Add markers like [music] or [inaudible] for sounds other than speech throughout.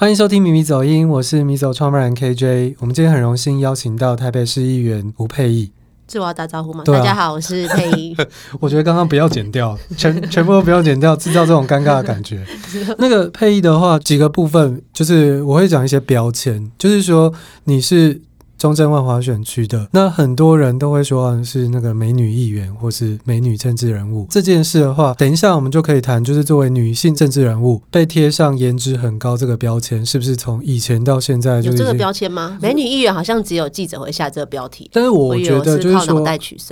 歡迎收聽迷迷走音，我是迷走創辦人 KJ。我們今天很榮幸邀請到台北市議員吳沛憶，是我要打招呼嗎？大家好，我是沛憶。我覺得剛剛不要剪掉， [laughs] 全全部都不要剪掉，製造這種尷尬的感覺。 [laughs] 那個沛憶的話，幾個部分就是我會講一些標籤，就是說你是。中正萬華選區的，那很多人都會說是那個美女議員或是美女政治人物這件事的話，等一下我們就可以談，就是作為女性政治人物被貼上顏值很高這個標籤，是不是從以前到現在就有這個標籤嗎？美女議員好像只有記者會下這個標題，但是我覺得就是，是靠腦袋取勝，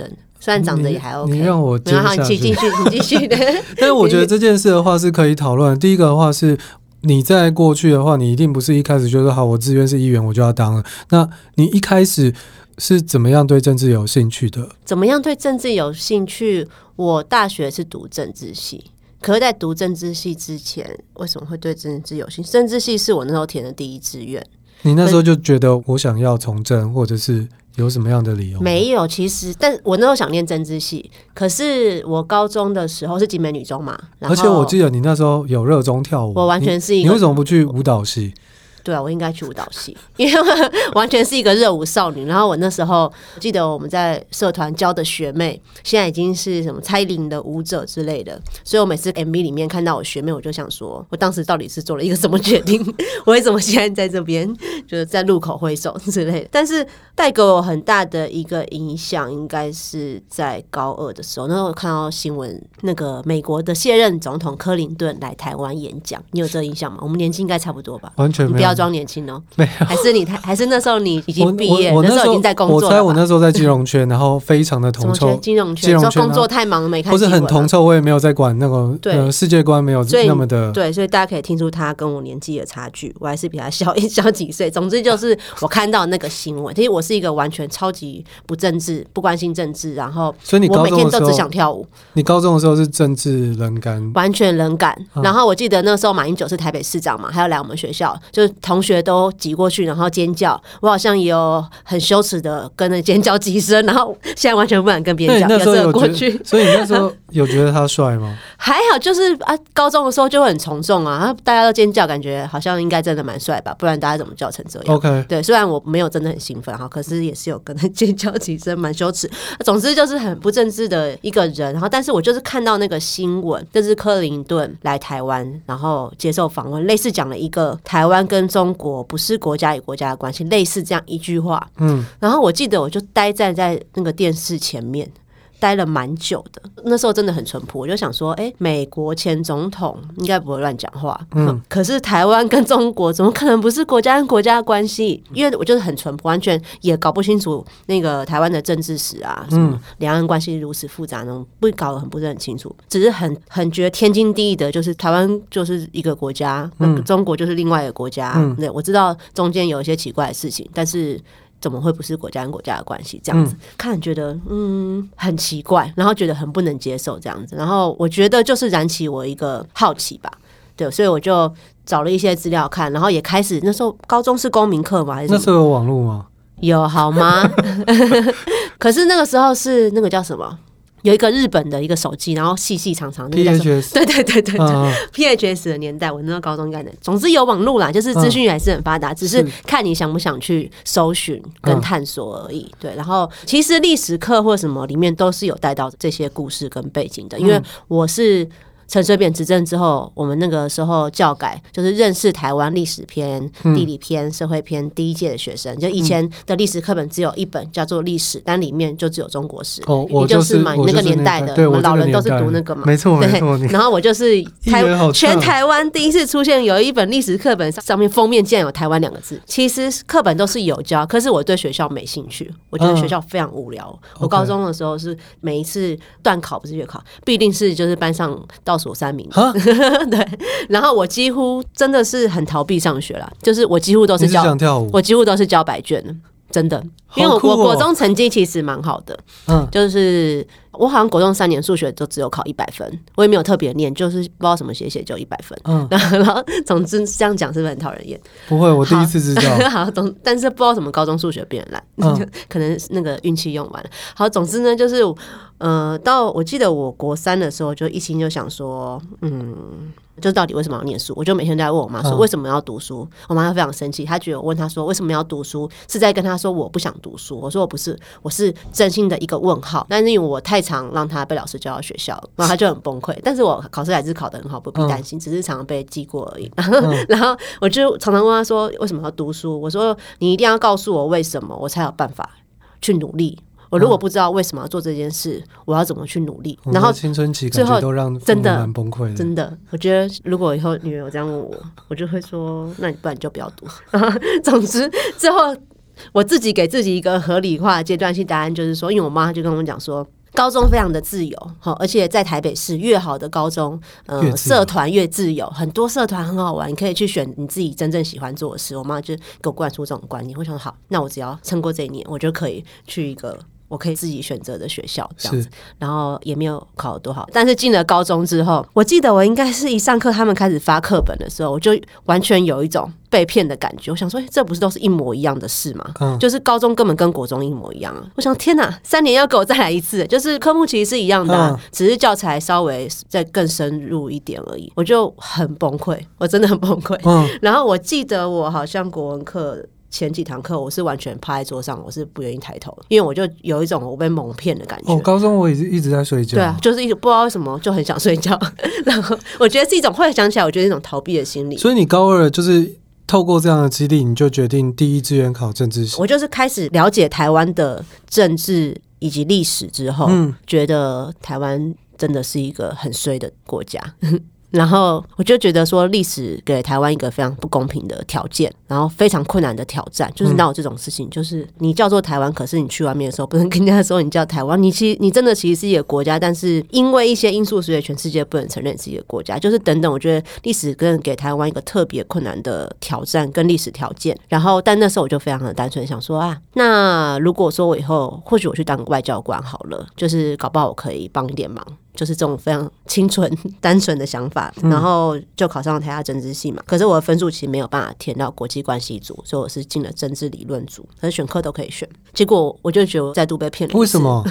雖然長得也還 OK 你，你讓我接下去，繼續繼續的。 [laughs] 但是我覺得這件事的話是可以討論。第一個的話是。你在過去的話，你一定不是一開始就說好，我志願是議員，我就要當了。那你一開始是怎麼樣對政治有興趣的？怎麼樣對政治有興趣？我大學是讀政治系，可是在讀政治系之前，為什麼會對政治有興趣？政治系是我那時候填的第一志願。你那時候就覺得我想要從政，或者是有什麼樣的理由、嗯？沒有，其實，但我那時候想念政治系，可是我高中的時候是景美女中嘛，而且我記得你那時候有熱衷跳舞，我完全是你，你為什麼不去舞蹈系？嗯對啊，我應該去舞蹈系，因為我完全是一個熱舞少女。然後我那時候記得我們在社團教的學妹，現在已經是什麼蔡玲的舞者之類的。所以我每次 MV 裡面看到我學妹，我就想說，我當時到底是做了一個什麼決定？我為什麼現在在這邊就是在路口揮手之類的？但是帶給我很大的一個影響，應該是在高二的時候，那時候我看到新聞，那個美國的卸任總統柯林頓來台灣演講，你有這個印象嗎？我們年紀應該差不多吧，完全沒有不要。裝年輕哦、喔，沒有，還是你？還是那時候你已經畢業我我？那時候我已經在工作。我猜我那時候在金融圈，然後非常的同臭金融圈，金融，金融、啊、工作太忙了，沒看不、啊、是很同臭，我也沒有在管那個對、呃、世界觀沒有那麼的對，所以大家可以聽出他跟我年紀的差距，我還是比他小一小幾歲。總之就是我看到那個新聞， [laughs] 其實我是一個完全超級不政治、不關心政治，然後我每天都所以你高中的時候只想跳舞。你高中的時候是政治冷感，完全冷感、啊。然後我記得那時候馬英九是台北市長嘛，還要來我們學校，就同學都擠過去，然後尖叫。我好像也有很羞恥的跟着尖叫幾聲，然後現在完全不敢跟別人講。那時過去， [laughs] 所以你那時候有覺得他帥嗎？還好，就是啊，高中的時候就會很從眾啊，大家都尖叫，感覺好像應該真的蠻帥吧，不然大家怎麼叫成這樣？OK，對，雖然我沒有真的很興奮哈，可是也是有跟着尖叫幾聲，蠻羞恥。總之就是很不正直的一個人。然後，但是我就是看到那個新聞，就是柯林頓來台灣，然後接受訪問，類似講了一個台灣跟。中國不是國家與國家的關係，類似這樣一句話。嗯，然後我記得我就呆站在那個電視前面。待了蠻久的，那時候真的很淳樸，我就想說，哎、欸，美國前總統應該不會亂講話。嗯，可是台灣跟中國怎麼可能不是國家跟國家的關係？因為我就是很淳樸，完全也搞不清楚那個台灣的政治史啊，什麼兩岸關係如此複雜，那種、嗯、不搞得很不是很清楚，只是很很覺得天經地義的，就是台灣就是一個國家，那個、中國就是另外一個國家。嗯、對我知道中間有一些奇怪的事情，但是。怎麼會不是國家跟國家的關係？這樣子、嗯、看覺得嗯很奇怪，然後覺得很不能接受這樣子。然後我覺得就是燃起我一個好奇吧，對，所以我就找了一些資料看，然後也開始，那時候高中是公民課嗎，還是那時候有網絡嗎？有好嗎？ [laughs] [laughs] 可是那個時候是那個叫什麼？有一個日本的一個手機，然後細細長長，P H S，對對對對對、uh, [laughs] ，P H S 的年代，我那個高中應該能。總之有網絡啦，就是資訊還是很發達，uh, 只是看你想不想去搜尋跟探索而已。Uh, 對，然後其實歷史課或什麼裡面都是有帶到這些故事跟背景的，uh, 因為我是。陳水扁執政之後，我們那個時候教改就是認識台灣歷史篇、地理篇、社會篇。第一屆的學生、嗯，就以前的歷史課本只有一本，叫做《歷史》，但裡面就只有中國史，也、哦、就是滿那，那個年代的。我老人都是讀那個嘛，沒錯。對沒錯。然後我就是台灣全台灣第一次出現有一本歷史課本上面封面竟然有台灣兩個字。其實課本都是有教，可是我對學校沒興趣，我覺得學校非常無聊。嗯、我高中的時候是每一次段考不是月考、嗯 okay，必定是就是班上到。.所三名， [laughs] 對，然後我幾乎真的是很逃避上學了，就是我幾乎都是交，我幾乎都是交白卷。真的，因為我我國中成績其實蠻好的，嗯、哦，就是我好像國中三年數學就只有考一百分，嗯，我也沒有特別念，就是不知道什麼寫寫就一百分，嗯，然後然後總之這樣講是不是很討人厭？不會，我第一次知道，好總， [laughs] 但是不知道什麼高中數學變爛，嗯， [laughs] 可能那個運氣用完了。好，總之呢，就是呃，到我記得我國三的時候，就一心就想說，嗯。就是到底為什麼要念書？我就每天都在問我媽說為什麼要讀書？嗯、我媽非常生氣，她覺得我問她說為什麼要讀書是在跟她說我不想讀書。我說我不是，我是真心的一個問號。但是因為我太常讓她被老師叫到學校，然後她就很崩潰。但是我考試還是考得很好，不必擔心、嗯，只是常常被記過而已。 [laughs] 然後我就常常問她說為什麼要讀書？我說你一定要告訴我為什麼，我才有辦法去努力。我如果不知道為什麼要做這件事，啊、我要怎麼去努力？然後青春期後最後都讓真的崩潰，真的。我覺得如果以後女兒有這樣問我，我就會說：那你不然你就不要讀。 [laughs] 總之，最後我自己給自己一個合理化階段性答案，就是說，因為我媽就跟我講說，高中非常的自由，好，而且在台北市越好的高中，嗯、呃，社團越自由，很多社團很好玩，你可以去選你自己真正喜歡做的事。我媽就給我灌輸這種觀念。我想好，那我只要撐過這一年，我就可以去一個。我可以自己選擇的學校這樣子，然後也沒有考多好。但是進了高中之後，我記得我應該是一上課他們開始發課本的時候，我就完全有一種被騙的感覺。我想說，欸，這不是都是一模一樣的事嗎？嗯，就是高中根本跟國中一模一樣啊。我想，天哪，三年要給我再來一次，就是科目其實是一樣的啊，嗯，只是教材稍微再更深入一點而已。我就很崩潰，我真的很崩潰。嗯，然後我記得我好像國文課。前幾堂課我是完全趴在桌上，我是不願意抬頭，因為我就有一種我被蒙騙的感覺。哦，高中我也是一直在睡覺，對啊，就是一直不知道為什麼就很想睡覺。 [laughs] 然後我覺得是一種，後來想起來，我覺得是一種逃避的心理。所以你高二就是透過這樣的基地，你就決定第一志願考政治系。我就是開始了解台灣的政治以及歷史之後，嗯，覺得台灣真的是一個很衰的國家。 [laughs] 然後我就覺得說，歷史給台灣一個非常不公平的條件，然後非常困難的挑戰，就是鬧這種事情，就是你叫做台灣，可是你去外面的時候，不能跟人家說你叫台灣，你其實你真的其實是一個國家，但是因為一些因素，所以全世界不能承認自己的國家，就是等等。我覺得歷史更給台灣一個特別困難的挑戰跟歷史條件。然後，但那時候我就非常的單純想說啊，那如果說我以後或許我去當外交官好了，就是搞不好我可以幫一點忙。就是這種非常清純、單純的想法，然後就考上了台大政治系嘛。可是我的分數其實沒有辦法填到國際關係組，所以我是進了政治理論組。可是選課都可以選，結果我就覺得我再度被騙了。為什麼？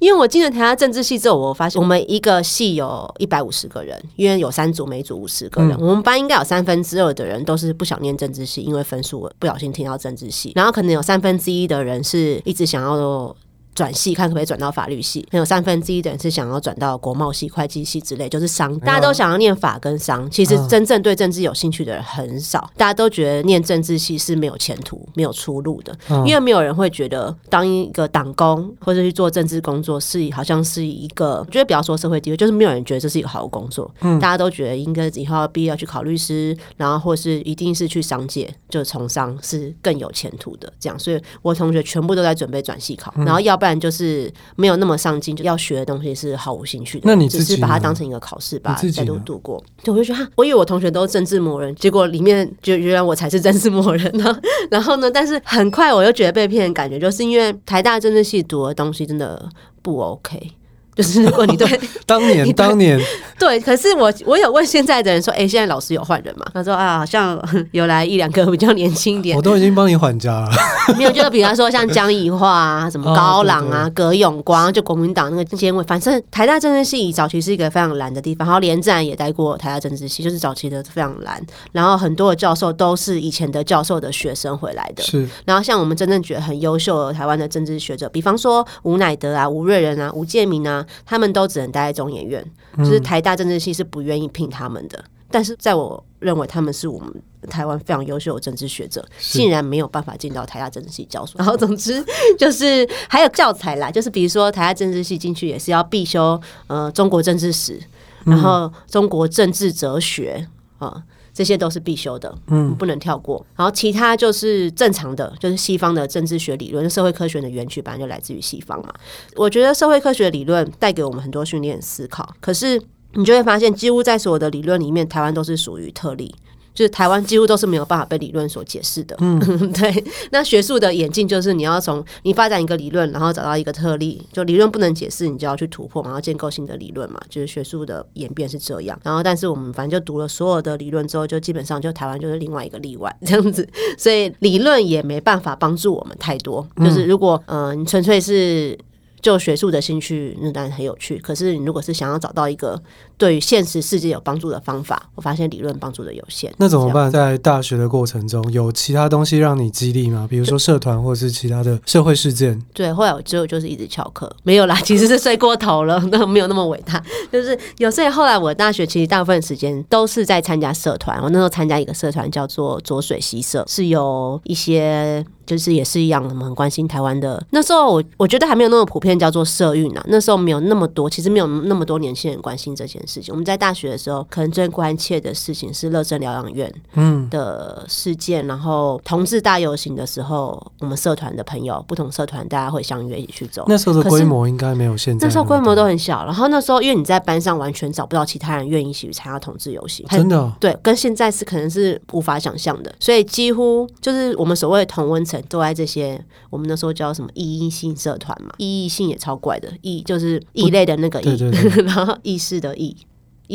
因為我進了台大政治系之後，我發現我們一個系有一百五十個人，因為有三組，每組五十個人。我們班應該有三分之二的人都是不想念政治系，因為分數不小心聽到政治系。然後可能有三分之一的人是一直想要，轉系看可不可以轉到法律系，還有三分之一的人是想要轉到國貿系、會計系之類，就是商。大家都想要念法跟商，其實真正對政治有興趣的人很少。大家都覺得念政治系是沒有前途、沒有出路的，因為沒有人會覺得當一個黨工或者去做政治工作是好像是一個，我覺得不要說社會地位，就是沒有人覺得這是一個好的工作。嗯，大家都覺得應該以後要畢業要去考律師，然後或者是一定是去商界，就是從商是更有前途的。這樣，所以我同學全部都在準備轉系考，嗯，然後要。不然就是沒有那麼上進，就要學的東西是毫無興趣的。那你只是把它當成一個考試吧，再度度過。就我就覺得、啊，我以為我同學都是政治魔人，結果裡面就原來我才是政治魔人呢、啊。 [laughs] 然後呢，但是很快我又覺得被騙，感覺就是因為台大政治系讀的東西真的不 OK。就是問你， [laughs] 當年 [laughs] 你對當年，當年對，可是我我有問現在的人說，哎、欸，現在老師有換人嗎？他說啊，好像有來一兩個比較年輕一點。我都已經幫你緩頰了， [laughs] 沒有，就是比方說像江宜樺啊，什麼高朗啊，哦、對對葛永光，就國民黨那個監委。反正台大政治系早期是一個非常藍的地方，然後連戰也待過台大政治系，就是早期的非常藍。然後很多的教授都是以前的教授的學生回來的。是，然後像我們真正覺得很優秀的台灣的政治學者，比方說吳乃德啊、吳叡人啊、吳介民啊。他們都只能待在中研院，就是台大政治系是不願意聘他們的。嗯、但是，在我認為，他們是我們台灣非常優秀的政治學者，竟然沒有辦法進到台大政治系教書。然後，總之就是還有教材啦，就是比如說台大政治系進去也是要必修呃中國政治史，然後中國政治哲學啊。呃這些都是必修的，嗯，不能跳過、嗯。然後其他就是正常的，就是西方的政治學理論、社會科學的源起本來就來自於西方嘛。我覺得社會科學理論帶給我們很多訓練思考，可是你就會發現，幾乎在所有的理論裡面，台灣都是屬於特例。就是台灣幾乎都是沒有辦法被理論所解釋的，嗯， [laughs] 對。那學術的演進就是你要從你發展一個理論，然後找到一個特例，就理論不能解釋，你就要去突破，然後建構新的理論嘛。就是學術的演變是這樣。然後，但是我們反正就讀了所有的理論之後，就基本上就台灣就是另外一個例外這樣子。所以理論也沒辦法幫助我們太多。就是如果、嗯、呃你純粹是就學術的興趣，那當然很有趣。可是你如果是想要找到一個。對於現實世界有幫助的方法，我發現理論幫助的有限。那怎麼辦？在大學的過程中，有其他東西讓你激勵嗎？比如說社團或者是其他的社會事件？對，後來我最後就是一直翹課，沒有啦，其實是睡過頭了。那沒有那麼偉大，就是有。所以後來我大學其實大部分時間都是在參加社團。我那時候參加一個社團叫做濁水溪社，是有一些就是也是一樣，我們很關心台灣的。那時候我我覺得還沒有那麼普遍叫做社運啊，那時候沒有那麼多，其實沒有那麼多年輕人關心這件事事情我們在大學的時候，可能最關切的事情是樂生療養院的事件，嗯，然後同志大遊行的時候，我們社團的朋友，不同社團大家會相約一起去走。那時候的規模應該沒有現在，那時候規模都很小。然後那時候，因為你在班上完全找不到其他人願意一起參加同志遊行，真的，啊，對，跟現在是可能是無法想象的。所以幾乎就是我們所謂的同溫層都在這些，我們那時候叫什麼異議性社團嘛，異議性也超怪的異，就是異類的那個異，對對對， [laughs] 然後議事的議。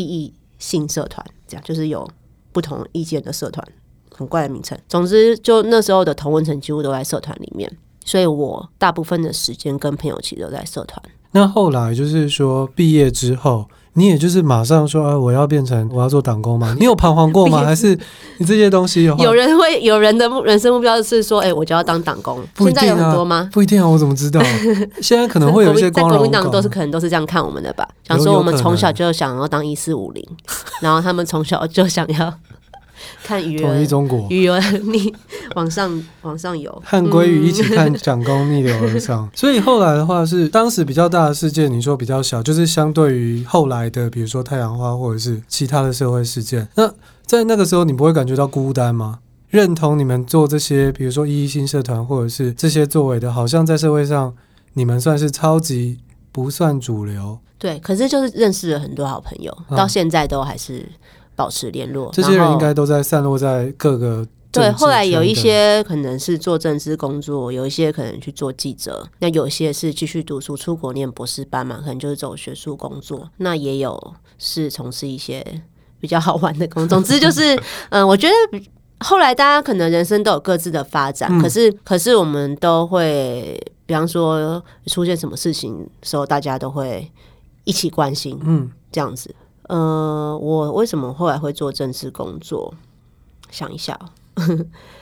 意義性社團，這樣就是有不同意見的社團，很怪的名稱。總之，就那時候的同文成幾乎都在社團裡面，所以我大部分的時間跟朋友實都在社團。那後來就是說畢業之後。你也就是馬上說我要變成，我要做黨工嗎？你有彷徨過嗎？ [laughs] 還是你這些東西？有人會有人的人生目標是說，哎，我就要當黨工啊。現在有很多嗎？不一定啊，我怎麼知道？ [laughs] 現在可能會有一些在國民黨都是可能都是這樣看我們的吧，想說我們從小就想要當一四五零，然後他們從小就想要。 [laughs] 看魚，統一中國，魚兒你往上 [laughs] 往上游，和鮭魚一起看蔣公逆流而上。 [laughs] 所以後來的話是，當時比較大的事件，你說比較小，就是相對於後來的，比如說太陽花或者是其他的社會事件。那在那個時候，你不會感覺到孤單嗎？認同你們做這些，比如說異議性社團或者是這些作為的，好像在社會上你們算是超級不算主流。對，可是就是認識了很多好朋友，到現在都還是。嗯保持聯絡，這些人應該都在散落在各個。對，後來有一些可能是做政治工作，有一些可能去做記者，那有些是繼續讀書出國念博士班嘛，可能就是走學術工作。那也有是從事一些比較好玩的工作，總之就是嗯、 [laughs] 呃，我覺得後來大家可能人生都有各自的發展，嗯、可是可是我們都會，比方說出現什麼事情時候，大家都會一起關心，嗯，這樣子。呃，我為什麼後來會做政治工作？想一下哦、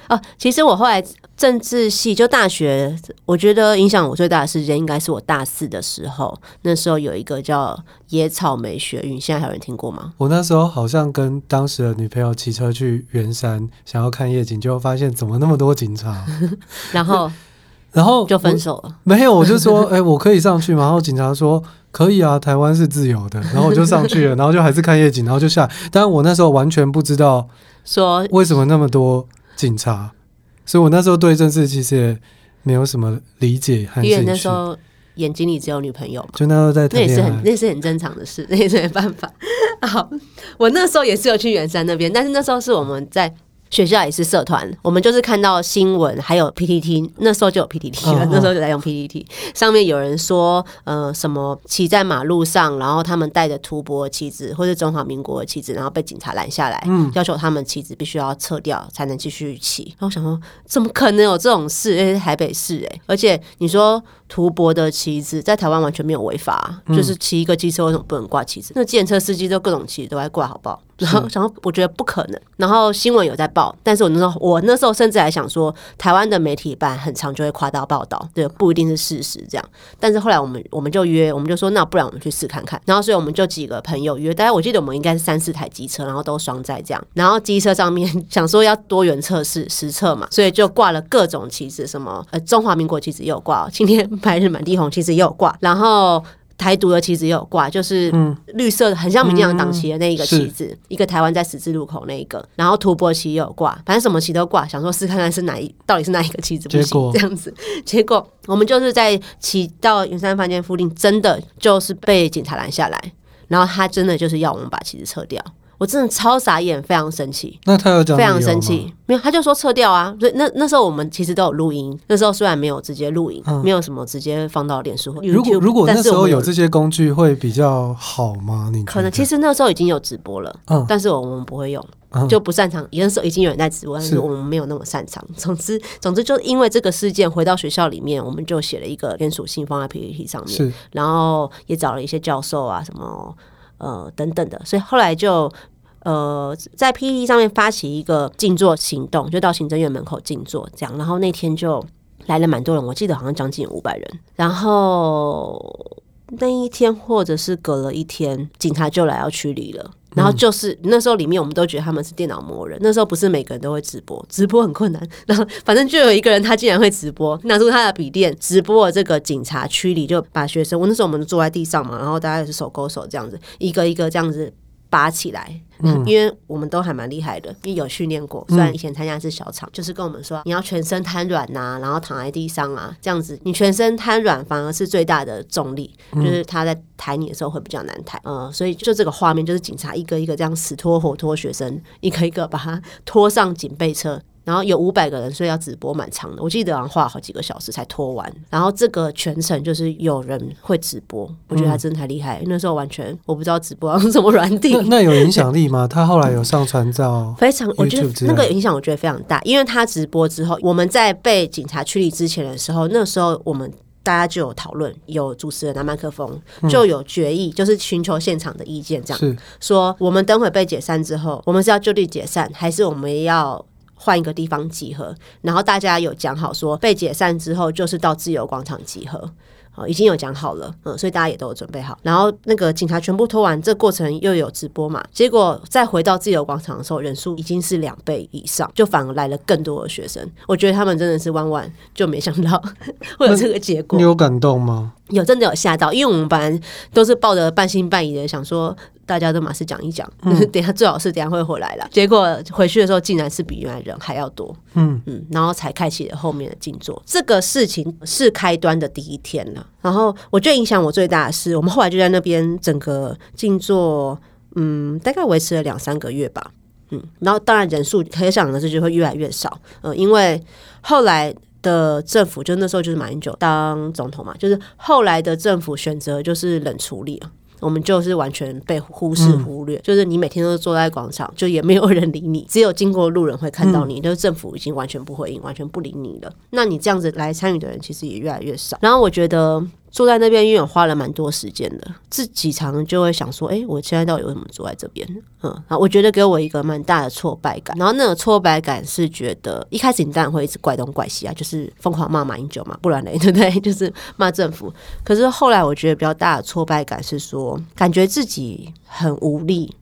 喔 [laughs] 啊。其實我後來政治系就大學，我覺得影響我最大的事件應該是我大四的時候。那時候有一個叫野草莓學運，你現在還有人聽過嗎？我那時候好像跟當時的女朋友騎車去圓山，想要看夜景，就發現怎麼那麼多警察。然後，然後就分手了。 [laughs] 沒有，我就說，哎、欸，我可以上去嗎？然後警察說。可以啊，台灣是自由的，然後我就上去了， [laughs] 然後就還是看夜景，然後就下來。但是我那時候完全不知道說為什麼那麼多警察，所以我那時候對這件事其實也沒有什麼理解，因為那時候眼睛裡只有女朋友嘛，就那時候在談戀愛，那也是很，那是很正常的事，那也是沒辦法。 [laughs] 好，我那時候也是有去圓山那邊，但是那時候是我們在。學校也是社團，我們就是看到新聞，還有 PTT，那時候就有 PTT 了哦哦，那時候就在用 PTT。上面有人說，呃，什麼騎在馬路上，然後他們帶着圖博的旗幟或是中華民國的旗幟，然後被警察攔下來，嗯，要求他們旗幟必須要撤掉才能繼續騎，嗯。然後我想說，怎麼可能有這種事？因為是、欸、台北市哎、欸，而且你說。圖博的旗子在台灣完全沒有違法、啊，就是騎一個機車為什麼不能掛旗子？那計程車司機就各種旗子都在掛，好不好？然後，然後我覺得不可能。然後新聞有在報，但是我那時候我那時候甚至還想說，台灣的媒體一般很常就會誇大報道，對，不一定是事實這樣。但是後來我們我們就約，我們就說那不然我們去試看看。然後所以我們就幾個朋友約，大家我記得我們應該是三四台機車，然後都雙載這樣。然後機車上面想說要多元測試實測嘛，所以就掛了各種旗子，什麼呃中華民國旗子也有掛、喔，今天。 [laughs] 白日滿地紅，旗子也有掛。然後台獨的旗子也有掛，就是綠色的很像民進黨黨旗的那一個旗子，嗯嗯，一個台灣在十字路口那一個。然後圖博旗也有掛，反正什麼旗都掛，想說試看看是哪一，到底是哪一個旗子不行結果這樣子。結果我們就是在騎到圓山飯店附近，真的就是被警察攔下來，然後他真的就是要我們把旗子撤掉。我真的超傻眼，非常生氣。那他又講非常生氣，沒有，他就說撤掉啊。所以那那時候我們其實都有錄音，那時候雖然沒有直接錄音，嗯，沒有什麼直接放到臉書、YouTube，如果如果那時候有這些工具會比較好嗎？你可能其實那時候已經有直播了，嗯，但是我們不會用，嗯，就不擅長。有是，說已經有人在直播，但是我們沒有那麼擅長。總之總之，就是因為這個事件，回到學校裡面，我們就寫了一個聯署信放在 PPT 上面是，然後也找了一些教授啊什麼。呃，等等的，所以後來就，呃，在 P e 上面發起一個靜坐行動，就到行政院門口靜坐，這樣，然後那天就來了蠻多人，我記得好像將近五百人，然後那一天或者是隔了一天，警察就來要驅離了。然後就是那時候，裡面我們都覺得他們是電腦魔人、嗯。那時候不是每個人都會直播，直播很困難。然後反正就有一個人，他竟然會直播，拿出他的筆電直播了這個警察驅離，就把學生。我那時候我們就坐在地上嘛，然後大家也是手勾手這樣子，一個一個這樣子。拔起來、嗯，因為我們都還蠻厲害的，因為有訓練過。雖然以前參加是小場、嗯，就是跟我們說你要全身癱軟吶、啊，然後躺在地上啊，這樣子你全身癱軟，反而是最大的重力，就是他在抬你的時候會比較難抬啊、嗯呃。所以就這個畫面，就是警察一個一個這樣死拖活拖學生，一個一個把他拖上警備車。然後有五百個人，所以要直播蠻長的。我記得好像畫好幾個小時才拖完。然後這個全程就是有人會直播，我覺得他真的太厲害、嗯。那時候完全我不知道直播用什麼軟體。那有影響力嗎？ [laughs] 他後來有上傳照、嗯，非常我覺得那個影響我覺得非常大。因為他直播之後，我們在被警察驅離之前的時候，那時候我們大家就有討論，有主持人拿麥克風，就有決議，嗯、就是尋求現場的意見，這樣是說我們等會被解散之後，我們是要就地解散，還是我們要換一個地方集合，然後大家有講好說，被解散之後就是到自由廣場集合。哦，已經有講好了，嗯，所以大家也都有準備好。然後那個警察全部拖完，這過程又有直播嘛，結果再回到自由廣場的時候，人數已經是兩倍以上，就反而來了更多的學生。我覺得他們真的是萬萬就沒想到會有這個結果。嗯。你有感動嗎？有，真的有嚇到，因為我們班都是抱着半信半疑的想說。大家都馬上講一講，嗯、等下最好是等下會回來了。結果回去的時候，竟然是比原來人還要多。嗯嗯，然後才開啟了後面的靜坐、嗯。這個事情是開端的第一天了。然後我覺得影響我最大的是，我們後來就在那邊整個靜坐，嗯，大概維持了兩三個月吧。嗯，然後當然人數可想而知就會越來越少。嗯、呃，因為後來的政府，就那時候就是馬英九當總統嘛，就是後來的政府選擇就是冷處理。我們就是完全被忽視、忽略、嗯，就是你每天都坐在廣場，就也沒有人理你，只有經過路人會看到你、嗯。就是政府已經完全不回應、完全不理你了。那你這樣子來參與的人，其實也越來越少。然後我覺得。坐在那邊，因為我花了蠻多時間的，自己常常就會想說，哎，我現在到底為什麼坐在這邊？嗯，然後我覺得給我一個蠻大的挫敗感。然後那個挫敗感是覺得，一開始你當然會一直怪東怪西啊，就是瘋狂罵馬英九嘛，不然咧，對不對？就是罵政府。可是後來我覺得比較大的挫敗感是說，感覺自己很無力，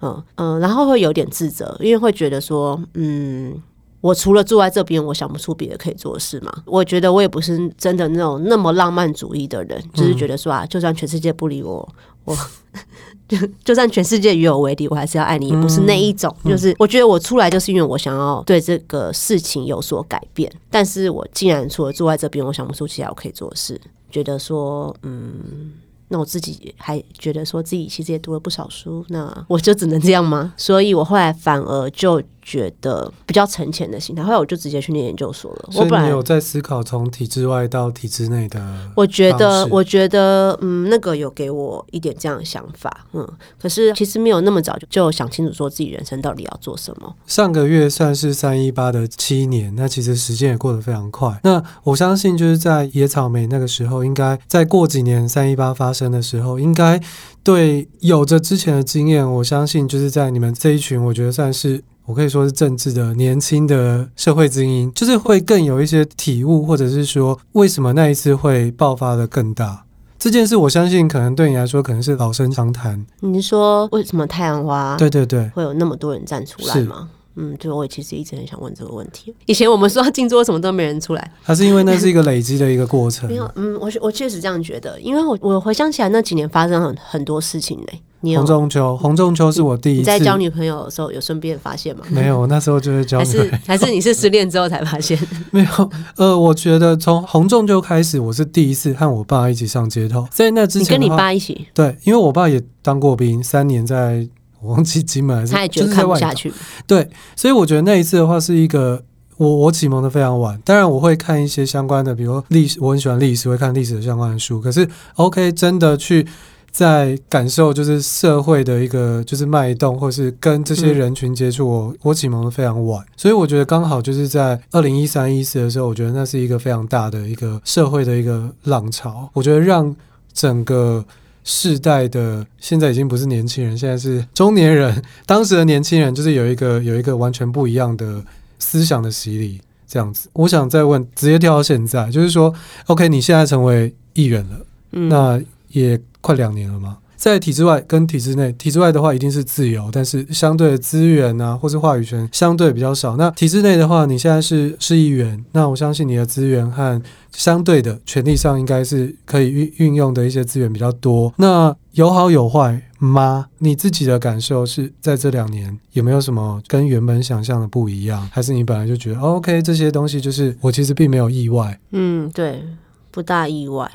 嗯嗯，然後會有點自責，因為會覺得說，嗯。我除了住在這邊，我想不出別的可以做的事嘛。我覺得我也不是真的那種那麼浪漫主義的人，嗯、就是覺得說啊，就算全世界不理我，我 [laughs] 就就算全世界與我為敵，我還是要愛你。嗯、也不是那一種、嗯，就是我覺得我出來就是因為我想要對這個事情有所改變。但是我既然除了住在這邊，我想不出其他我可以做的事，覺得說嗯，那我自己還覺得說自己其實也讀了不少書，那我就只能這樣嗎？所以我後來反而就覺得。比較沉潛的心態，後來我就直接去念研究所了。我本來有在思考從體制外到體制內的我。我覺得，我覺得，嗯，那個有給我一點這樣的想法，嗯。可是其實沒有那麼早就就想清楚，說自己人生到底要做什麼。上個月算是三一八的七年，那其實時間也過得非常快。那我相信，就是在野草莓那個時候，應該在過幾年三一八發生的時候，應該對有着之前的經驗，我相信就是在你們這一群，我覺得算是。我可以說是政治的年輕的社會精英，就是會更有一些體悟，或者是說為什麼那一次會爆發的更大這件事。我相信可能對你來說可能是老生常談。你說為什麼太陽花？對對對，會有那麼多人站出來嗎？對對對是，嗯，對，我其實一直很想問這個問題。以前我們說到靜坐什麼都沒人出來，還是因為那是一個累積的一個過程？ [laughs] 沒有，嗯，我我確實這樣覺得，因為我我回想起來那幾年發生很很多事情嘞。你洪仲丘，洪仲丘是我第一次。你你在交女朋友的時候有順便發現嗎？沒有，那時候就是交。 [laughs] 還是還是你是失戀之後才發現 [laughs] ？沒有，呃，我覺得從洪仲丘開始，我是第一次和我爸一起上街頭。所以那之前你跟你爸一起？對，因為我爸也當過兵，三年在王岐金門，他也覺得看不下去，就是。對，所以我覺得那一次的話是一個，我我啟蒙的非常晚。當然，我會看一些相關的，比如歷史，我很喜歡歷史，會看歷史的相關的書。可是，OK，真的去。在感受就是社會的一個就是脈動，或是跟這些人群接觸我。我、嗯、我啟蒙的非常晚，所以我覺得剛好就是在二零一三一四的時候，我覺得那是一個非常大的一個社會的一個浪潮。我覺得讓整個世代的現在已經不是年輕人，現在是中年人。當時的年輕人就是有一個有一個完全不一樣的思想的洗禮。這樣子，我想再問，直接跳到現在，就是說，OK，你現在成為議員了，嗯，那也。快兩年了嗎？在體制外跟體制內，體制外的話一定是自由，但是相對的資源啊，或是話語權相對比較少。那體制內的話，你現在是是議員，那我相信你的資源和相對的權力上，應該是可以運運用的一些資源比較多。那有好有壞嗎？你自己的感受是在這兩年有沒有什麼跟原本想象的不一樣？還是你本來就覺得，OK，這些東西，就是我其實並沒有意外。嗯，對。不大意外，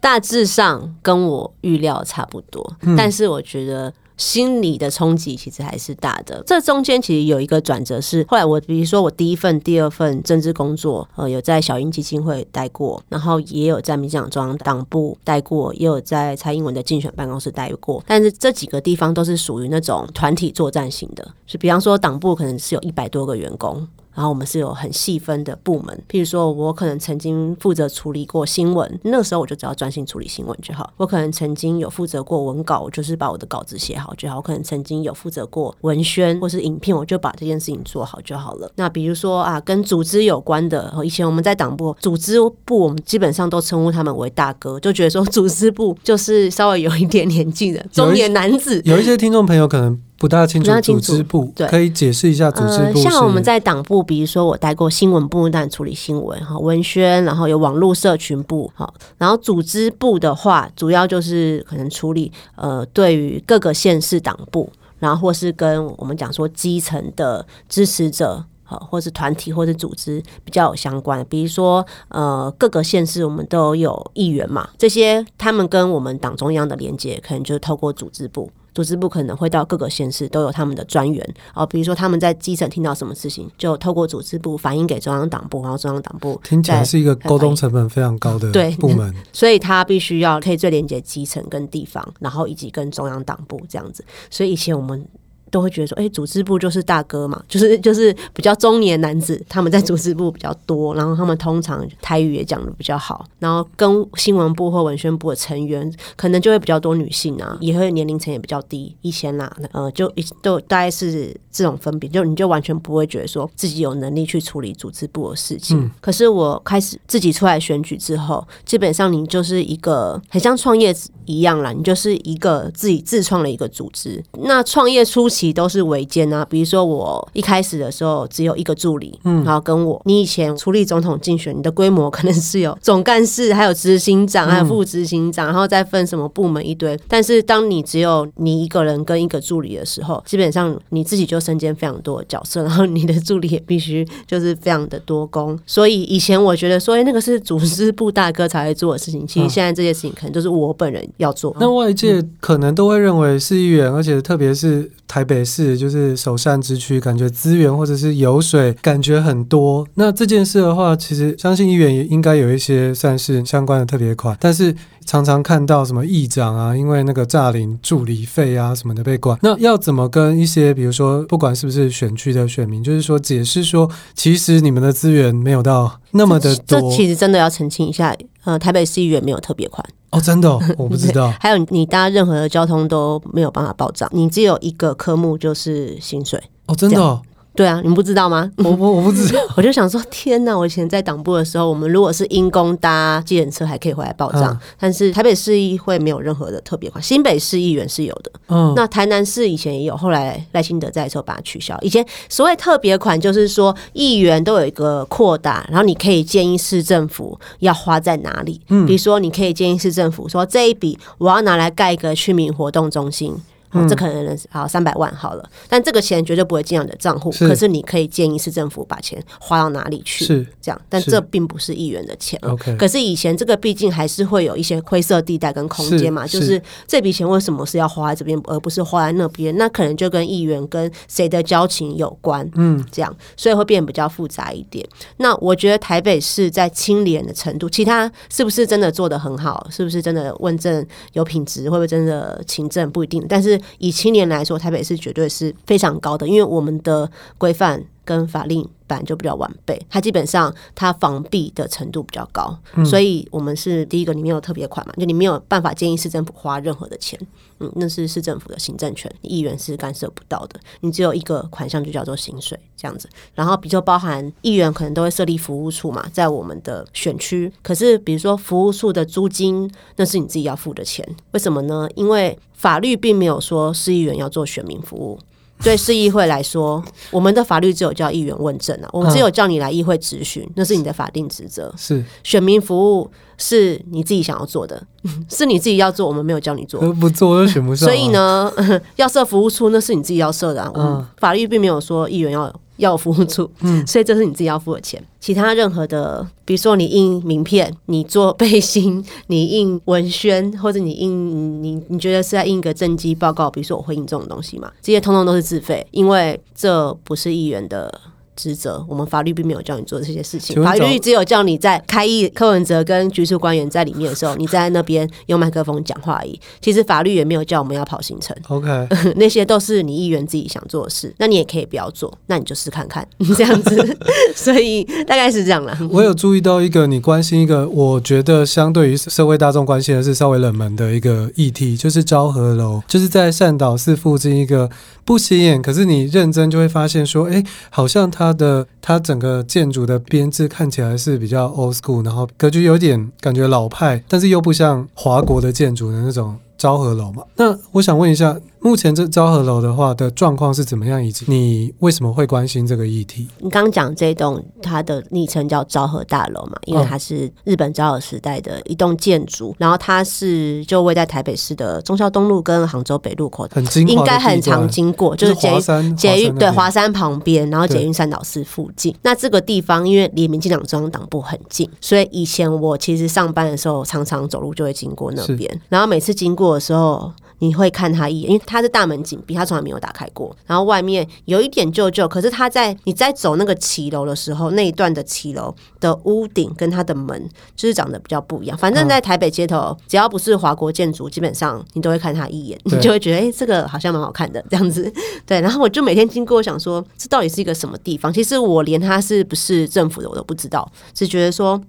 大致上跟我預料差不多、嗯。但是我覺得心理的衝擊其實還是大的。這中間其實有一個轉折是，後來我比如說我第一份、第二份政治工作，呃，有在小英基金會待過，然後也有在民進黨黨部待過，也有在蔡英文的競選辦公室待過。但是這幾個地方都是屬於那種團體作戰型的，就比方說黨部可能是有一百多個員工。然後我們是有很細分的部門，譬如說我可能曾經負責處理過新聞，那個時候我就只要專心處理新聞就好；我可能曾經有負責過文稿，我就是把我的稿子寫好就好；我可能曾經有負責過文宣或是影片，我就把這件事情做好就好了。那比如說啊，跟組織有關的，以前我們在黨部組織部，我們基本上都稱呼他們為大哥，就覺得說組織部就是稍微有一點年紀的中年男子。有，有一些聽眾朋友可能。不大,不大清楚，組織部可以解釋一下組織部、呃。像我們在黨部，比如說我待過新聞部，那然處理新聞哈，文宣，然後有網絡社群部，然後組織部的話，主要就是可能處理呃，對於各個縣市黨部，然後或是跟我們講說基層的支持者，好，或是團體或者組織比較有相關的，比如說呃，各個縣市我們都有議員嘛，這些他們跟我們黨中央的連接，可能就是透過組織部。組織部可能會到各個縣市，都有他們的專員哦。比如說他們在基層聽到什麼事情，就透過組織部反映給中央黨部，然後中央黨部聽起來是一個溝通成本非常高的對，部門 [noise] 對，所以他必須要可以最連接基層跟地方，然後以及跟中央黨部這樣子。所以以前我們都會覺得說，哎，組織部就是大哥嘛，就是就是比較中年男子，他們在組織部比較多，然後他們通常台語也講得比較好，然後跟新聞部或文宣部的成員，可能就會比較多女性啊，也會年齡層也比較低，一千啦、啊，呃，就一都大概是這種分別，就你就完全不會覺得說自己有能力去處理組織部的事情。嗯、可是我開始自己出來選舉之後，基本上你就是一個很像創業一樣啦，你就是一個自己自創的一個組織，那創業初期。其都是圍殲啊，比如說我一開始的時候只有一個助理，嗯、然後跟我。你以前處理總統競選，你的規模可能是有總幹事、還有執行長、嗯、還有副執行長，然後再分什麼部門一堆。但是當你只有你一個人跟一個助理的時候，基本上你自己就身兼非常多的角色，然後你的助理也必須就是非常的多工。所以以前我覺得說、哎、那個是組織部大哥才會做的事情，其實現在這些事情可能就是我本人要做。那外界可能都會認為是議員，而且特別是台。北市就是首善之區，感覺資源或者是油水感覺很多。那這件事的話，其實相信議員也應該有一些算是相關的特別款，但是常常看到什麼議長啊，因為那個詐領助理費啊什麼的被管。那要怎麼跟一些比如說不管是不是選區的選民，就是說解釋說，其實你們的資源沒有到那麼的多。這，這其實真的要澄清一下。呃，台北市議員沒有特別款哦，真的。哦，我不知道 [laughs] 還有你搭任何的交通都沒有辦法報帳，你只有一個科目就是薪水哦，真的。哦。對啊，你們不知道嗎？我不，我不知道。 [laughs] 我就想說，天哪！我以前在黨部的時候，我們如果是因公搭計程車，還可以回來報賬，嗯。但是台北市議會沒有任何的特別款，新北市議員是有的。嗯，那台南市以前也有，後來賴清德在的時候把它取消。以前所謂特別款，就是說議員都有一個擴大，然後你可以建議市政府要花在哪裡。嗯，比如說你可以建議市政府說，這一筆我要拿來蓋一個居民活動中心。哦嗯、這可能好三百萬好了，但這個錢絕對不會進到你的賬戶，可是你可以建議市政府把錢花到哪裡去，是這樣，但這並不是議員的錢、呃、OK，可是以前這個畢竟還是會有一些灰色地帶跟空間嘛，是就是這筆錢為什麼是要花在這邊，而不是花在那邊？那可能就跟議員跟誰的交情有關，嗯，這樣，所以會變得比較複雜一點。那我覺得台北市在清廉的程度，其他是不是真的做得很好？是不是真的問政有品質？會不會真的勤政不一定，但是。以青年來說，台北是絕對是非常高的，因為我們的規範跟法令本來就比較完備，它基本上它防弊的程度比較高、嗯，所以我們是第一個你沒有特別款嘛，就你沒有辦法建議市政府花任何的錢，嗯，那是市政府的行政權，議員是干涉不到的，你只有一個款項就叫做薪水這樣子，然後比如說包含議員可能都會設立服務處嘛，在我們的選區，可是比如說服務處的租金那是你自己要付的錢。為什麼呢？因為法律並沒有說市議員要做選民服務，對市議會來說， [laughs] 我們的法律只有叫議員問政啊，我們只有叫你來議會質詢，那是你的法定職責。啊，是。選民服務是你自己想要做的。 [laughs] 是你自己要做，我們沒有教你做，不做就選不上。 [laughs] 所以呢，要設服務處那是你自己要設的、啊，嗯、啊，法律並沒有說議員要要服務處，嗯，所以這是你自己要付的錢。其他任何的，比如說你印名片、你做背心、你印文宣，或者你印你你覺得是在印個政績報告，比如說我會印這種東西嗎？這些通通都是自費，因為這不是議員的。職責，我們法律並沒有叫你做這些事情，法律只有叫你在開議柯文哲跟局處官員在裡面的時候，你在那邊用麥克風講話而已。其實法律也沒有叫我們要跑行程，OK，、呃、那些都是你議員自己想做的事，那你也可以不要做，那你就試看看這樣子， [laughs] 所以大概是這樣了。我有注意到一個你關心一個，我覺得相對於社會大眾關心的是稍微冷門的一個議題，就是昭和樓，就是在善導寺附近一個不起眼，可是你認真就會發現說，哎、欸，好像他。它的它整個建築的編制看起來是比較 old school，然後格局有點感覺老派，但是又不像華國的建築的那種昭和樓嘛。那我想問一下。目前這昭和樓的話的狀況是怎麼樣？以及你為什麼會關心這個議題？你剛剛講這棟它的昵稱叫昭和大樓嘛？因為它是日本昭和時代的一棟建築，嗯、然後它是就位在台北市的忠孝東路跟杭州北路口，很的的應該很常經過，就是捷、就是、山，捷對華山旁邊，然後捷運善導寺附近。那這個地方因為離民進黨中央黨部很近，所以以前我其實上班的時候常常走路就會經過那邊，然後每次經過的時候，你會看他一眼，因為他是大門緊閉，他從來沒有打開過。然後外面有一點舊舊，可是他在你在走那個騎樓的時候，那一段的騎樓的屋頂跟他的門就是長得比較不一樣。反正，在台北街頭、嗯，只要不是華國建築，基本上你都會看他一眼，你就會覺得，哎、欸，這個好像蠻好看的這樣子。對，然後我就每天經過，想說這到底是一個什麼地方？其實我連他是不是政府的我都不知道，是覺得說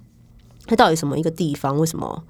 他到底什麼一個地方，為什麼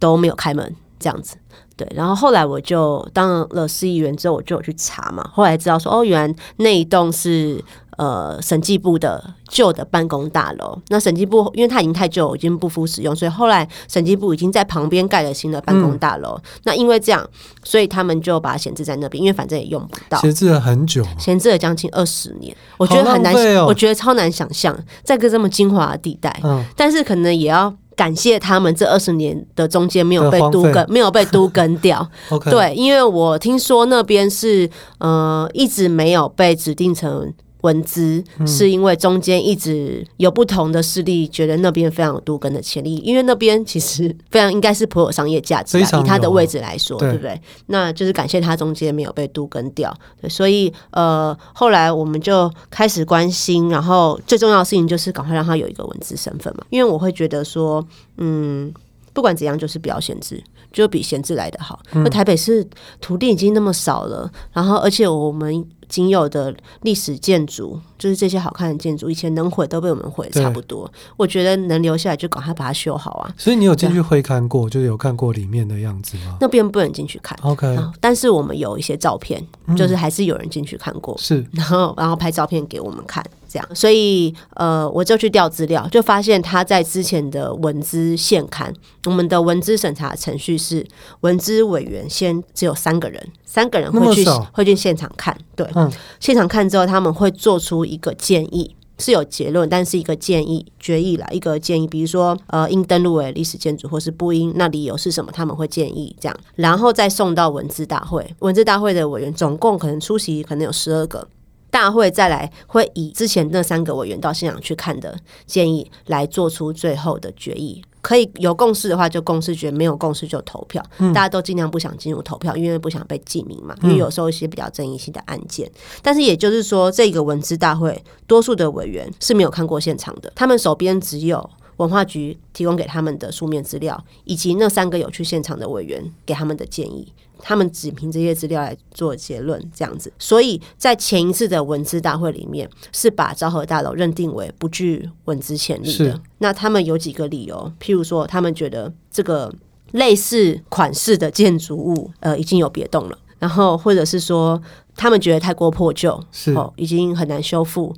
都沒有開門？這樣子，對。然後後來我就當了市議員之後，我就有去查嘛。後來知道說，哦，原來那一棟是呃審計部的舊的辦公大樓。那審計部因為它已經太舊，已經不敷使用，所以後來審計部已經在旁邊蓋了新的辦公大樓，嗯。那因為這樣，所以他們就把它閒置在那邊，因為反正也用不到。閒置了很久，閒置了將近二十年，我覺得很難，哦，我覺得超難想象，在個這麼精華的地帶。嗯，但是可能也要。感謝他們這二十年的中間沒有被都跟沒有被都跟掉，對，因為我聽說那邊是呃一直沒有被指定成。文字是因為中間一直有不同的勢力、嗯、覺得那邊非常有都更的潛力，因為那邊其實非常應該是頗有商業價值，以他的位置來說，對，對不對？那就是感謝他中間沒有被都更掉，所以呃，後來我們就開始關心，然後最重要的事情就是趕快讓他有一個文資身份嘛，因為我會覺得說，嗯，不管怎樣，就是不要閒置，就比閒置來的好。那、嗯、台北市土地已經那麼少了，然後而且我們。僅有的歷史建築，就是這些好看的建築，以前能毀都被我們毀差不多。我覺得能留下來就趕快把它修好啊！所以你有進去會看過，就是、有看過裡面的樣子嗎？那邊不能進去看，OK。但是我們有一些照片，嗯、就是還是有人進去看過，是，然後然後拍照片給我們看。這樣，所以呃，我就去調資料，就發現他在之前的文資現勘，我們的文資審查程序是，文資委員先只有三個人，三個人會去會去現場看，對、嗯，現場看之後他們會做出一個建議，是有結論，但是一個建議決議啦一個建議，比如說呃應登錄為歷史建築或是不應，那理由是什麼？他們會建議這樣，然後再送到文資大會，文資大會的委員總共可能出席可能有十二個。大會再來會以之前那三個委員到現場去看的建議來做出最後的決議，可以有共識的話就共識決，沒有共識就投票。大家都儘量不想進入投票，因為不想被記名嘛。因為有時候一些比較爭議性的案件，但是也就是說，這個文資大會多數的委員是沒有看過現場的，他們手邊只有。文化局提供給他們的書面資料，以及那三個有去現場的委員給他們的建議，他們只憑這些資料來做結論，這樣子。所以在前一次的文資大會裡面，是把昭和大樓認定為不具文資潛力的。那他們有幾個理由，譬如說，他們覺得這個類似款式的建築物，呃，已經有別動了，然後或者是說，他們覺得太過破舊，是、哦、已經很難修復。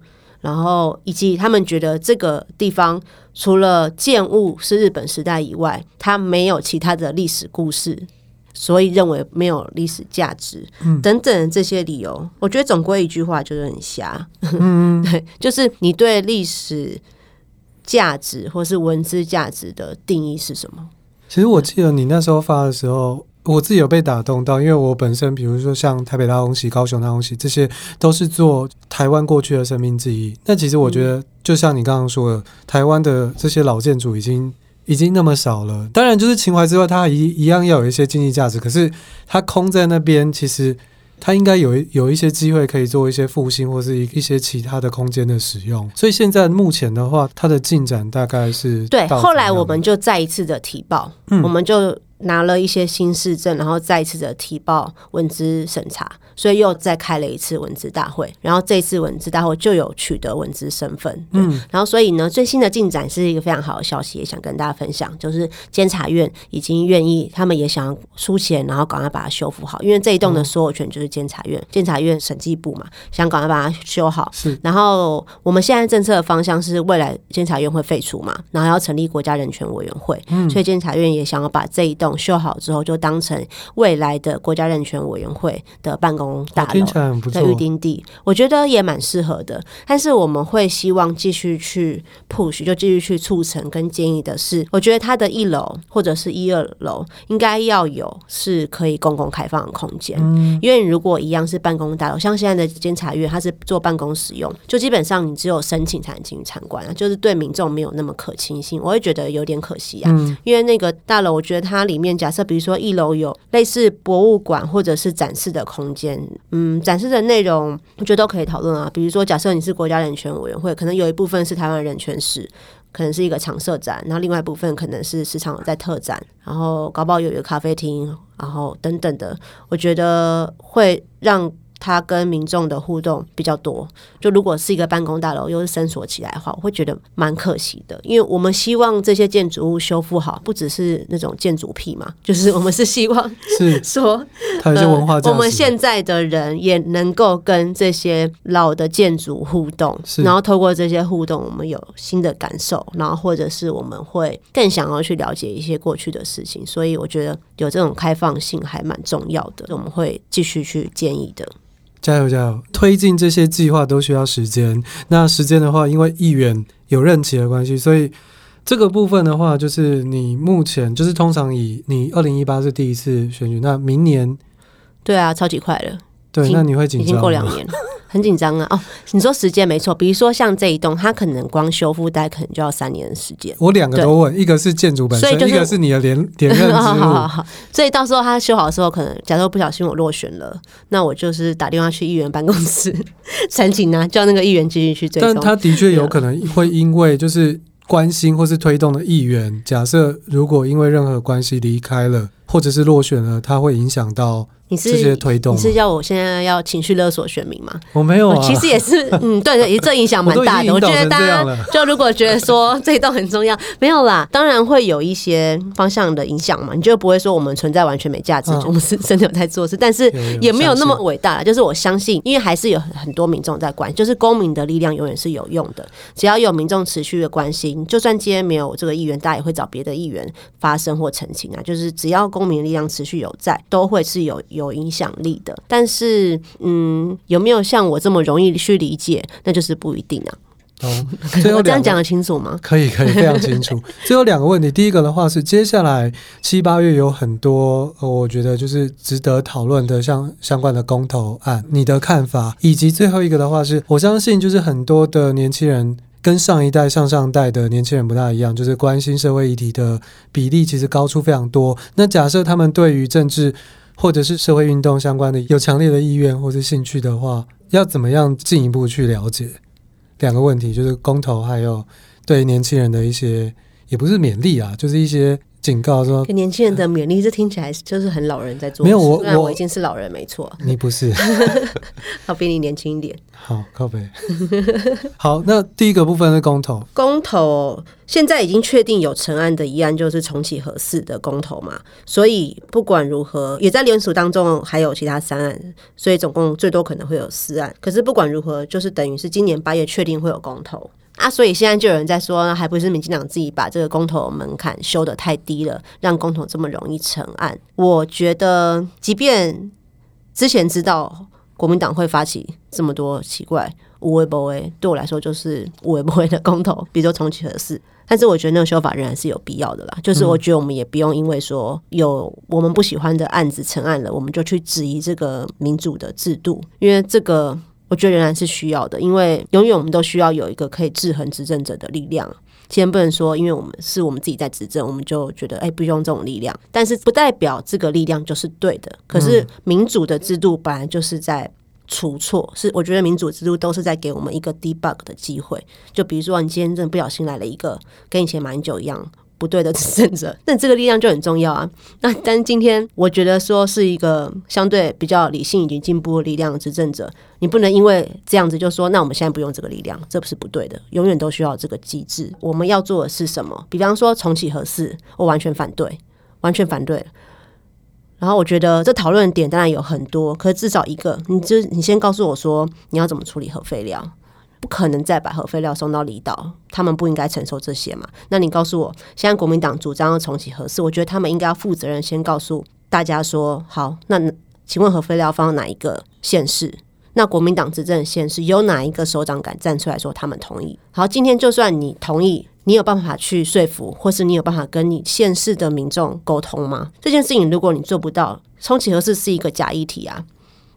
然後，以及他們覺得這個地方除了建物是日本時代以外，它沒有其他的歷史故事，所以認為沒有歷史價值，嗯、等等這些理由，我覺得總歸一句話就是很瞎。嗯， [laughs] 對，就是你對歷史價值或是文資價值的定義是什麼？其實我記得你那時候發的時候。我自己有被打動到，因為我本身比如說像台北大空襲、高雄大空襲，這些都是做台灣過去的生命記憶。那其實我覺得，就像你剛剛說的，嗯、台灣的這些老建築已經已經那麼少了。當然，就是情懷之外，它一一樣要有一些經濟價值。可是它空在那邊，其實它應該有有一些機會可以做一些復興，或是一一些其他的空間的使用。所以現在目前的話，它的進展大概是。對，後來我們就再一次的提報，嗯、我們就。拿了一些新事證，然後再一次的提報文資審查，所以又再開了一次文資大會。然後這次文資大會就有取得文資身份，對。嗯，然後所以呢，最新的進展是一個非常好的消息，也想跟大家分享，就是監察院已經願意，他們也想要出錢，然後趕快把它修復好，因為這一棟的所有權就是監察院，嗯、監察院審計部嘛，想趕快把它修好。是。然後我們現在政策的方向是未來監察院會廢除嘛，然後要成立國家人權委員會，嗯、所以監察院也想要把這一棟。修好之後，就當成未來的國家人權委員會的辦公大樓的預定地，我覺得也蠻適合的。但是我們會希望繼續去 push，就繼續去促成跟建議的是，我覺得它的一樓或者是一二樓應該要有是可以公共開放的空間。嗯，因為你如果一樣是辦公大樓，像現在的監察院，它是做辦公使用，就基本上你只有申請才能進行參觀啊，就是對民眾沒有那麼可親性，我會覺得有點可惜啊。嗯，因為那個大樓，我覺得它裡。裡面假設，比如說一樓有類似博物館或者是展示的空間，嗯，展示的內容我覺得都可以討論啊。比如說，假設你是國家人權委員會，可能有一部分是台灣人權史，可能是一個常設展，然後另外一部分可能是市場在特展，然後搞不好有一個咖啡廳，然後等等的，我覺得會讓。他跟民眾的互動比較多，就如果是一個辦公大樓又是深鎖起來的話，我會覺得蠻可惜的。因為我們希望這些建築物修復好，不只是那種建築癖嘛，就是我們是希望 [laughs] 是說是、它有些文化價值。呃，我們現在的人也能夠跟這些老的建築互動，然後透過這些互動，我們有新的感受，然後或者是我們會更想要去了解一些過去的事情。所以我覺得有這種開放性還蠻重要的，我們會繼續去建議的。加油加油！推進這些計劃都需要時間。那時間的話，因為議員有任期的關係，所以這個部分的話，就是你目前就是通常以你二零一八是第一次選舉，那明年對啊，超級快了。對，那你會緊張嗎？已經過兩年了，很緊張啊！ [laughs] 哦，你說時間沒錯，比如說像這一棟，它可能光修復，大概可能就要三年的時間。我兩個都問，一個是建築本身、就是，一個是你的聯聯任之路 [laughs] 好好好好，所以到時候它修好的時候，可能假如不小心我落選了，那我就是打電話去議員辦公室申 [laughs] 請啊，叫那個議員繼續去追蹤。但他的確有可能會因為就是關心或是推動的議員， [laughs] 假設如果因為任何關係離開了，或者是落選了，他會影響到。你是推動？你是叫我現在要情緒勒索選民嗎？我沒有、啊，其實也是，嗯，對對，這影響蠻大的。 [laughs] 我，我覺得大家就如果覺得說這一段很重要，沒有啦，當然會有一些方向的影響嘛，你就不會說我們存在完全沒價值、啊，我們是真的有在做事，但是也沒有那麼偉大。就是我相信，因為還是有很多民眾在關心，就是公民的力量永遠是有用的，只要有民眾持續的關心，就算今天沒有這個議員，大家也會找別的議員發聲或澄清啊。就是只要公民的力量持續有在，都會是有。有影響力的，但是嗯，有沒有像我這麼容易去理解，那就是不一定啊。哦，所以 [laughs] 我這樣講得清楚嗎？可以，可以，非常清楚。 [laughs] 最後兩個問題，第一個的話是，接下來七八月有很多，我覺得就是值得討論的像，像相關的公投案，你的看法，以及最後一個的話是，我相信就是很多的年輕人跟上一代、上上代的年輕人不大一樣，就是關心社會議題的比例其實高出非常多。那假設他們對於政治，或者是社會運動相關的，有強烈的意願或是興趣的話，要怎麼樣進一步去了解？兩個問題就是公投，還有對年輕人的一些，也不是勉勵啊，就是一些。警告說，年輕人的勉勵，這聽起來就是很老人在做事。沒有我，我已經是老人，沒錯。你不是， [laughs] 好比你年輕一點。好，靠北。 [laughs] 好，那第一個部分是公投。公投現在已經確定有成案的一案就是重啟核四的公投嘛，所以不管如何，也在聯署當中還有其他三案，所以總共最多可能會有四案。可是不管如何，就是等於是今年八月確定會有公投。啊，所以現在就有人在說，還不是民進黨自己把這個公投門檻修得太低了，讓公投這麼容易成案。我覺得，即便之前知道國民黨會發起這麼多奇怪、無為不為，對我來說就是無為不為的公投，比如說重啟核四。但是，我覺得那個修法仍然是有必要的啦。就是我覺得我們也不用因為說有我們不喜歡的案子成案了，我們就去質疑這個民主的制度，因為這個。我覺得仍然是需要的，因為永遠我們都需要有一個可以制衡執政者的力量。先不能說，因為我們是我們自己在執政，我們就覺得哎、欸，不用這種力量。但是不代表這個力量就是對的。可是民主的制度本來就是在除錯、嗯，是我覺得民主制度都是在給我們一個 debug 的機會。就比如說，你今天真的不小心來了一個跟以前馬英九一樣。不對的執政者，那你這個力量就很重要啊。那但是今天我覺得說是一個相對比較理性以及進步的力量的執政者，你不能因為這樣子就說那我們現在不用這個力量，這不是不對的，永遠都需要這個機制。我們要做的是什麼？比方說重啟核四，我完全反對，完全反對。然後我覺得這討論點當然有很多，可是至少一個，你就你先告訴我說你要怎麼處理核廢料。不可能再把核廢料送到離島，他們不應該承受這些嘛？那你告訴我，現在國民黨主張要重啟核四，我覺得他們應該要負責任，先告訴大家說好。那請問核廢料放到哪一個縣市？那國民黨執政的縣市有哪一個首長敢站出來說他們同意？好，今天就算你同意，你有辦法去說服，或是你有辦法跟你縣市的民眾溝通嗎？這件事情如果你做不到，重啟核四是一個假議題啊。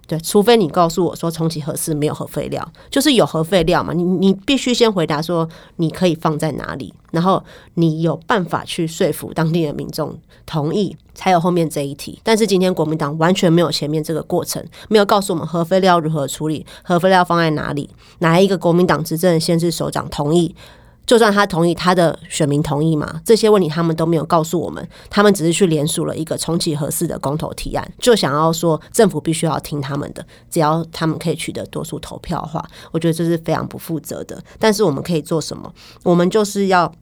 對，除非你告訴我說重啟核四沒有核廢料，就是有核廢料嘛。你你必須先回答說你可以放在哪裡，然後你有辦法去說服當地的民眾同意，才有後面這一題。但是今天國民黨完全沒有前面這個過程，沒有告訴我們核廢料如何處理，核廢料放在哪裡，哪一個國民黨執政的縣市首長同意。就算他同意，他的選民同意嗎？這些問題他們都沒有告訴我們，他們只是去聯署了一個重啟核四的公投提案，就想要說政府必須要聽他們的，只要他們可以取得多數投票的話，我覺得這是非常不負責的。但是我們可以做什麼？我們就是要。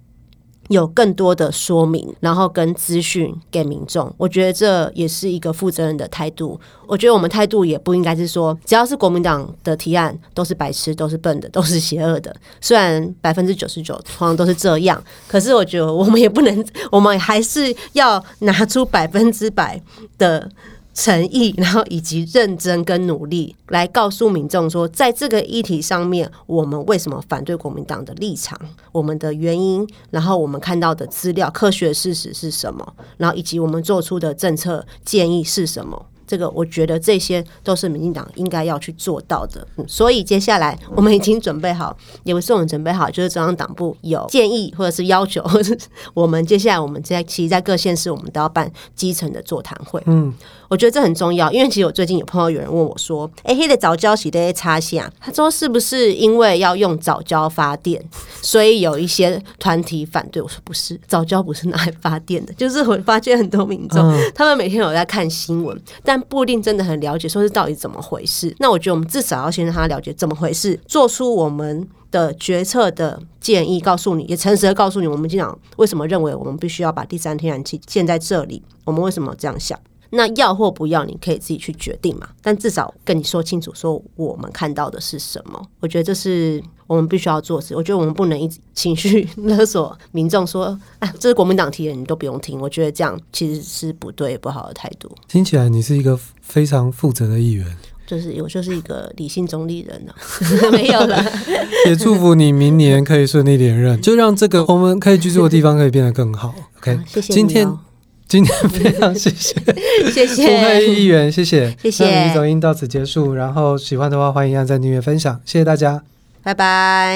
有更多的說明，然後跟資訊給民眾，我覺得這也是一個負責任的態度。我覺得我們態度也不應該是說，只要是國民黨的提案都是白痴、都是笨的、都是邪惡的。雖然百分之九十九好像都是這樣，可是我覺得我們也不能，我們還是要拿出百分之百的。誠意，然後以及認真跟努力，來告訴民眾說，在這個議題上面，我們為什麼反對國民黨的立場，我們的原因，然後我們看到的資料、科學事實是什麼，然後以及我們做出的政策建議是什麼。這個我覺得這些都是民進黨應該要去做到的。嗯，所以接下來我們已經準備好，也不是我們準備好，就是中央黨部有建議或者是要求，呵呵我們接下來我們在其實在各縣市我們都要辦基層的座談會。嗯，我覺得這很重要，因為其實我最近有碰到有人問我說：“哎、欸，黑、那個、的藻礁洗這些插線他說：“是不是因為要用藻礁發電，所以有一些團體反對？”我說：“不是，藻礁不是拿來發電的，就是我發現很多民眾、嗯、他們每天有在看新聞，但。”但不一定真的很了解，說是到底怎麼回事。那我覺得我們至少要先讓他了解怎麼回事，做出我們的決策的建議，告訴你，也誠實的告訴你，我們經常為什麼認為我們必須要把第三天然氣建在這裡，我們為什麼這樣想。那要或不要，你可以自己去決定嘛。但至少跟你說清楚，說我們看到的是什麼。我覺得這是。我們必須要做事。我覺得我們不能一直情緒勒索民眾，說啊，這是國民黨提的，你都不用聽。我覺得這樣其實是不對不好的態度。聽起來你是一個非常負責的議員，就是我就是一個理性中立人了， [laughs] [laughs] 沒有了。也祝福你明年可以順利連任， [laughs] 就讓這個我們可以居住的地方可以變得更好。 [laughs] OK，謝謝、哦。今天今天非常謝謝， [laughs] 謝謝各位議員，謝謝。謝謝。迷迷走音到此結束。然後喜歡的話，歡迎按讚訂閱分享。謝謝大家。拜拜。